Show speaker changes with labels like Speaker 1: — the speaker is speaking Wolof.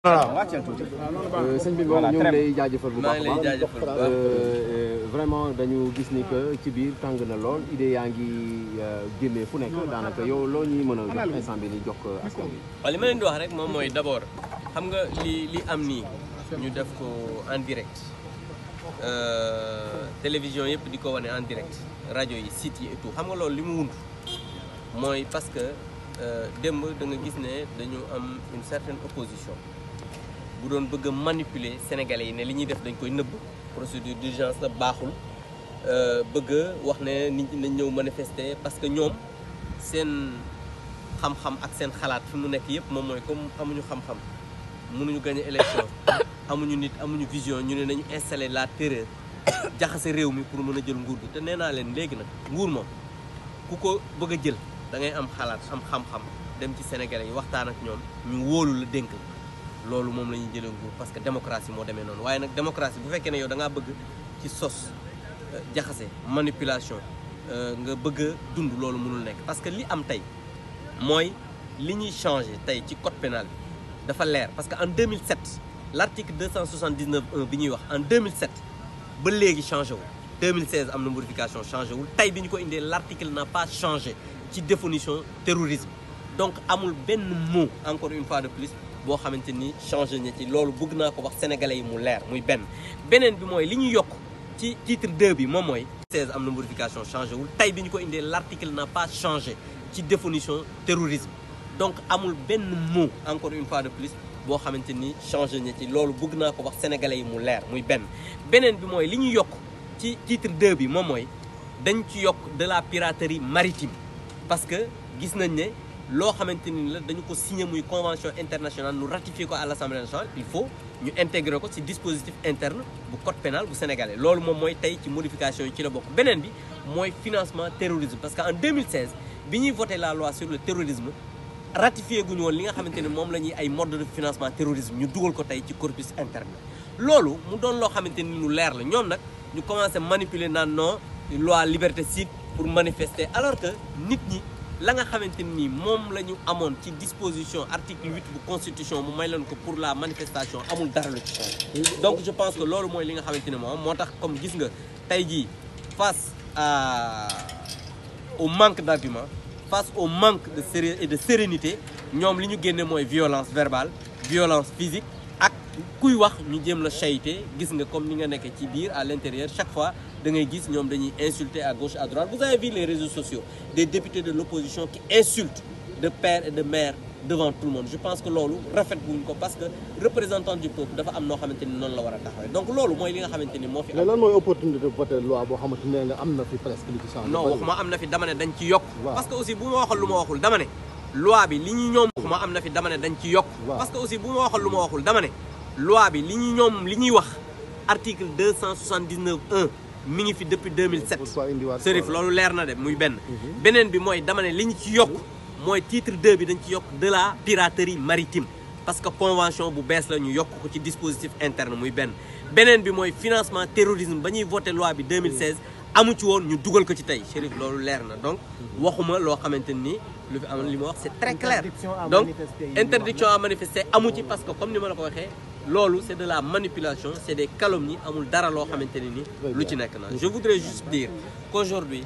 Speaker 1: waaw ah, euh, sëñ bi moom ñu ngi lay jaajëfal bu baax a euh, euh, vraiment dañu gis ni que ci biir tàng na lool idée yaa ngi génnee fu nekk daanaka yow loo ñuy mën a jox instant bi ni jox askan bi. waaw li ma leen di wax rek moom mooy d'abord xam nga li li am nii ñu def ko en direct télévision yëpp di ko wane en direct rajo yi site yi et tout xam nga loolu li mu wund mooy parce que démb da nga gis ne dañu am une certaine opposition. bu doon bëgg a manipuler sénégalais yi ne li ñuy def dañ koy nëbb procédure d'urgence la baaxul euh, bëgg wax ne nit ñi nañ ñëw parce que ñoom seen xam ak seen xalaat fi nekk yëpp moom mooy comme amuñu xam-xam mënuñu gagner élection amuñu nit amuñu vision ñu ne nañu installer la terreur jaxase réew mi pour mën a jël nguur bi te nee naa leen léegi nag nguur moom ku ko bëgg a jël da ngay am xalaat am xam-xam dem ci sénégalais yi waxtaan ak ñoom ñu wóolu la dénk loolu moom la ñuy jëlee nguur parce que démocratie moo demee noonu waaye nag démocratie bu fekkee ne yow da ngaa bëgg ci sos euh, jaxase manipulation euh, nga bëgg a dund loolu mënul nekk. parce que li am tey mooy li ñuy changer tey ci code pénal bi dafa leer parce que en 2007 l' article 279 1 bi ñuy wax en 2007 ba léegi changé wul 2016 am na modification changé wul tey bi ñu ko indee l' article n'a pas changé ci définition terrorisme donc amul benn mot encore une fois de plus. boo xamante ni changé na ci loolu bëgg naa ko wax sénégalais yi mu leer muy benn beneen bi mooy li ñu yokk ci titre 2 bi moom mooy 16 am na modification changé wul tey bi ko indee l' article n'a pas ci définition terrorisme donc amul benn mot encore une de plus boo xamante ni changé na ci loolu bëgg naa ko wax sénégalais yi mu leer muy benn beneen bi mooy li ñu yokk ci titre 2 bi moom mooy dañ ci yokk de la piraterie maritime parce que gis nañ ne loo xamante ni la dañu ko signé muy convention internationale lu ratifié ko à l' assemblée nationale il faut ñu intégré ko ci dispositif interne bu code pénal bu sénégalais loolu moom mooy tey ci modification yi ci la bokk beneen bi mooy financement terrorisme parce que en 2016 bi ñuy voté la loi sur le terrorisme ratifié guñu woon li nga xamante ni moom la ñuy ay mode financement terrorisme ñu dugal ko tey ci corpus interne loolu mu doon loo xamante ni lu leer la ñoom nag ñu commencé manipuler naan non loi liberticide pour manifester alors nit ñi la nga xamante ni moom la ñu amoon ci disposition article huit bu constitution mu may leen ko pour la manifestation amul dara lu ci donc je pense que loolu mooy li nga xamante ni moom moo tax comme gis nga tey jii face à au manque d'argument face au manque de sérieux et de sérénité ñoom li ñu génne mooy violence verbale violence physique kuy wax ñu jéem la chayte gis nga comme ni nga nekkee ci biir à l'intérieur chaque fois da ngay gis ñoom dañuy insulter à gauche à droite vous avez vu les réseaux sociaux des députés de l'opposition qui insultent de père et de mère devant tout le monde je pense que loolu rafet buñ ko parce que représentant du peuple dafa am noo xamante ni noonu la war a taxawee donc loolu mooy li nga xamante ni moo fi. mais lan mooy opportunité voter xamante ne nga fi presque li loi bi li ñu ñoom li ñuy wax article 279 1 mi ngi fi depuis 2007 Serif loolu leer na de muy benn mhm. beneen bi mooy dama ne li ñu ci yokk mooy titre 2 bi dañ ci yokk de la piraterie maritime parce que convention bu bees la ñu yokk ko ci dispositif interne muy benn beneen bi mooy financement terrorisme ba ñuy voté loi bi 2016 amu ci woon ñu dugal ko ci tey Chérif loolu leer na donc waxuma loo xamante ni lu fi amoon li ma wax c'est très clair donc interdiction à manifester ci parce que comme ni ma la waxee loolu c'est de la manipulation c'est des calomnies amul dara loo xamante ne ni lu ci nekk na je voudrais juste dire qu'aujourd'hui